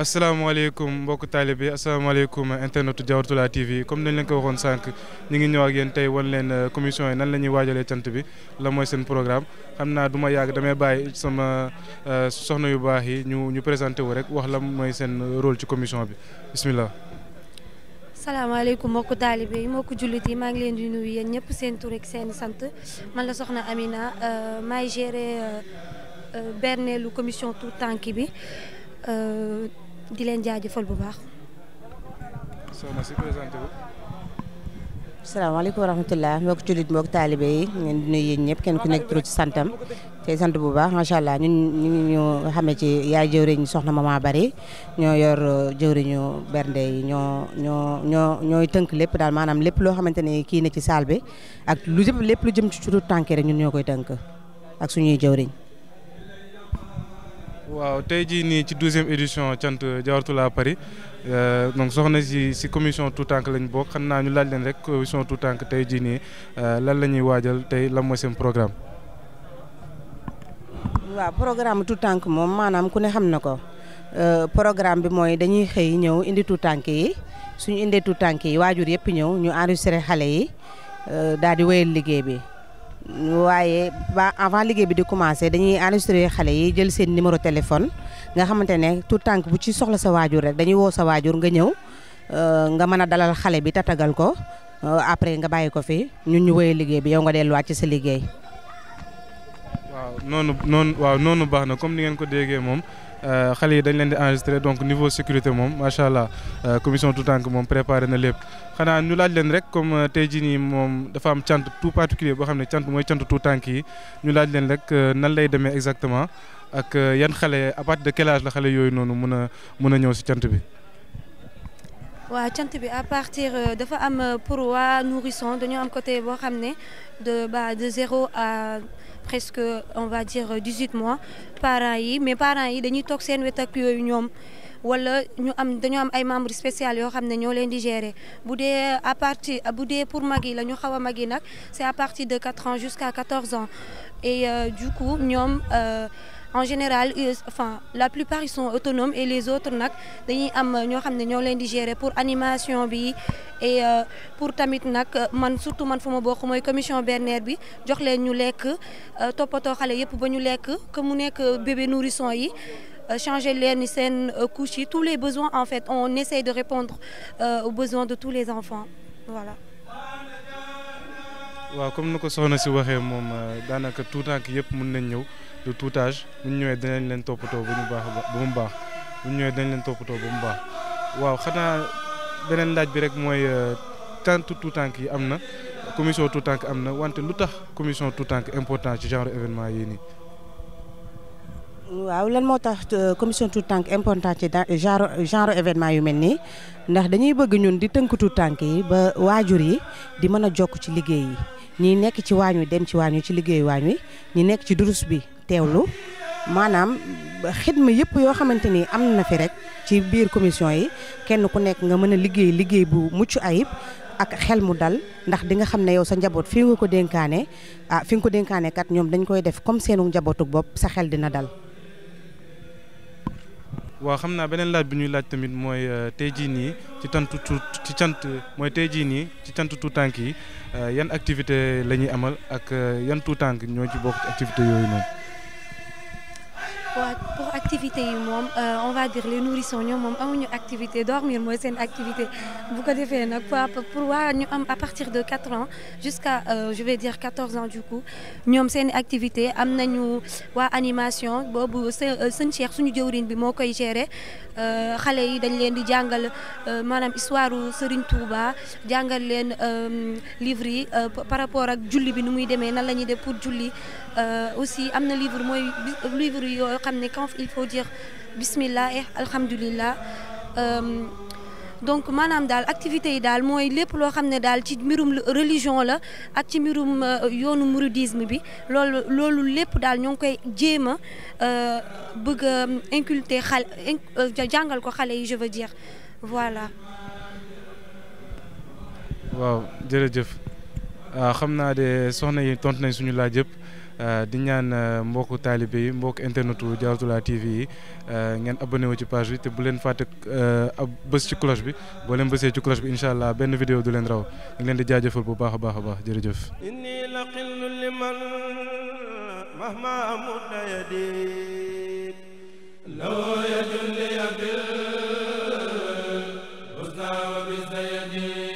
assalamu asalaamaaleykum mbokk taalibe assalamu asalaamaaleykum internetu Diawartoulah TV comme nañ leen ko waxone sank ñu ngi ñëw ak yeen tay wan leen euh, commission nan lañuy wajale waajalee bi la moy seen programme xamna duma yag ma yàgg damay bàyyi sama euh, soxna yu baax yi ñu ñu présenter wu rek wax la moy seen rôle ci commission bi bismillah. salaamaaleykum mbokk taalibe yi mbokk jullit yi maa ngi leen di nuyu yéen ñëpp seen tur ak seen sant man la soxna Amina euh, maay gérer berneelu commission tout tànk bi. di leen jaajëfal bu baax. soxna si présenté wu. salaamaaleykum wa rahmatulah mbokki jullit mbokki taalibe yi di nuyu yéen ñëpp kenn ku nekk ci santam te sant bu baax macha allah ñun ñu ñu xamee ci yaay jëwriñ soxna Mama Bari ñoo yor jëwriñu bernde yi ñoo ñoo ñoo ñooy tënk lépp daal maanaam lépp loo xamante ne kii na ci saal bi ak lu jëpp lépp lu jëm ci turu tànk rek ñun ñoo koy tënk ak suñuy jëwriñ. waaw tey jii nii ci douzième édition cant Jawartulaa Paris euh, donc soxna si si commission tout tànk lañu bokk xam naa ñu laaj leen rek commission tout tànk tey jii nii euh, lan la ñuy waajal tey la mooy seen programme. waaw programme tout tànk moom maanaam ku ne xam na ko euh, programme bi mooy dañuy xëy ñëw indi tout tànk yi suñu indee tout tànk yi waajur yëpp ñëw ñu enregistré xale yi daal di wéyal liggéey bi. waaye ba avant liggéey bi di commencé dañuy enregistré xale yi jël seen numéro téléphone nga xamante ne tout tànk bu ci soxla sa waajur rek dañuy woo sa waajur nga ñëw euh, nga mën a dalal xale bi tatagal ko euh, après nga bàyyi ko fi ñun ñu wëyee liggéey bi yow nga delluwaat ci sa liggéey. waaw noonu noonu noonu baax na comme ni ngeen ko déggee moom. Euh, xale yi dañ leen di enregistré donc niveau sécurité moom macha allah euh, commission tout tank moom préparé na lépp xanaa ñu laaj leen rek comme euh, tey jii nii moom dafa am cant tout particulier boo xam ne cant mooy cant tout tank yi ñu laaj leen rek nan lay demee exactement ak yan xale à partir de quel âge la xale yooyu noonu mën a mën a ñëw si cant bi. Oui, à partir euh, euh, de am pour nous nourrisson côté de de 0 à presque on va dire euh, mois par mais par yi dañuy toxines seen wet ak yooyu wala am membres spéciaux pour Magui, c'est à partir de 4 ans jusqu'à 14 ans et du coup en général enfin la plupart ils sont autonomes et les autres nous dañuy pour animation bi et euh, pour tamit n'ak. man surtout man fuma bokk commission Bernard bi jox leen ñu euh, topoto xalé yépp ba ñu que mu bébé nourrisson yi euh, changer les seen tous les besoins en fait on essaye de répondre aux besoins de tous les enfants voilà waaw comme ni ko soxna si waxee moom euh, daanaka tuutànk yëpp mun nañ ñëw du tuutage bu ñëwee dinañ leen toppatoo ba mu baax ba mu baax bu ñëwee dinañ leen toppatoo ba mu baax waaw xanaa beneen laaj bi rek mooy euh, tant tuutànk yi am na commission tuutànk am na wante lu tax commission tuutànk important ci genre événement yi nii. waaw lan moo tax euh, commission tout tànk important ci genre genre événement yu mel nii ndax dañuy bëgg ñun di tënk tànk yi ba waajur yi di mën a jokk ci liggéey yi ñi nekk ci waañ wi dem ci waañ wi ci liggéey waañ wi ñi nekk ci durus bi teew lu maanaam xidma yëpp yoo xamante ni am na fi rek ci biir commission yi kenn ku nekk nga mën a liggéey liggéey bu mucc ayib ak xel mu dal ndax di nga xam ne yow sa njaboot fi nga ko dénkaane ah fi nga ko dénkaane kat ñoom dañ koy def comme seenu njabootu bopp sa xel dina dal waaw xam naa beneen laaj bi ñuy laaj tamit mooy euh, tey jii nii ci tant tu ci cant mooy tey jii nii ci cant tuutànk yi euh, yan activité la ñuy amal ak euh, yan tuutànk ñoo ci bokk ci activité yooyu noonu. activité euh, on va dire les nourrissons activité dormir c'est une activité pour à partir de 4 ans jusqu'à euh, je vais dire 14 ans du coup ñoom une activité am une animation boobu euh, sëñ Cheikh suñu jëwriñ bi koy yi dañ leen di histoire Serigne Touba leen livre par rapport à julli bi pour julli aussi livre il faut dire bismillah et alhamdulillah euh, donc manam dal je yi daal ci religion la ak ci mirum euh, yoonu mouridisme bi lepp dal ñong koy djema euh bëgg inculter euh, ko je veux dire voilà. waaw jërëjëf ah, soxna yi suñu la Euh, di ñaan euh, mbokku taalibe yi mbokku internetu Diawartoulah TV yi euh, ngeen abonné wu ci page te bu leen fàtte ab bës ci cloche bi boo leen bësee ci cloche bi incha allah benn vidéo du leen raw ñu ngi leen di jaajëfal bu baax a baax a baax jërëjëf inni la qillu liman mahma amudda yadi law yajulli bil husna wa bi zaydi